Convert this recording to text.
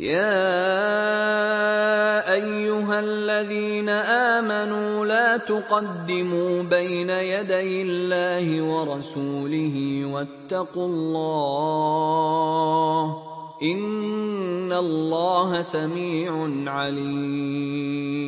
يا ايها الذين امنوا لا تقدموا بين يدي الله ورسوله واتقوا الله ان الله سميع عليم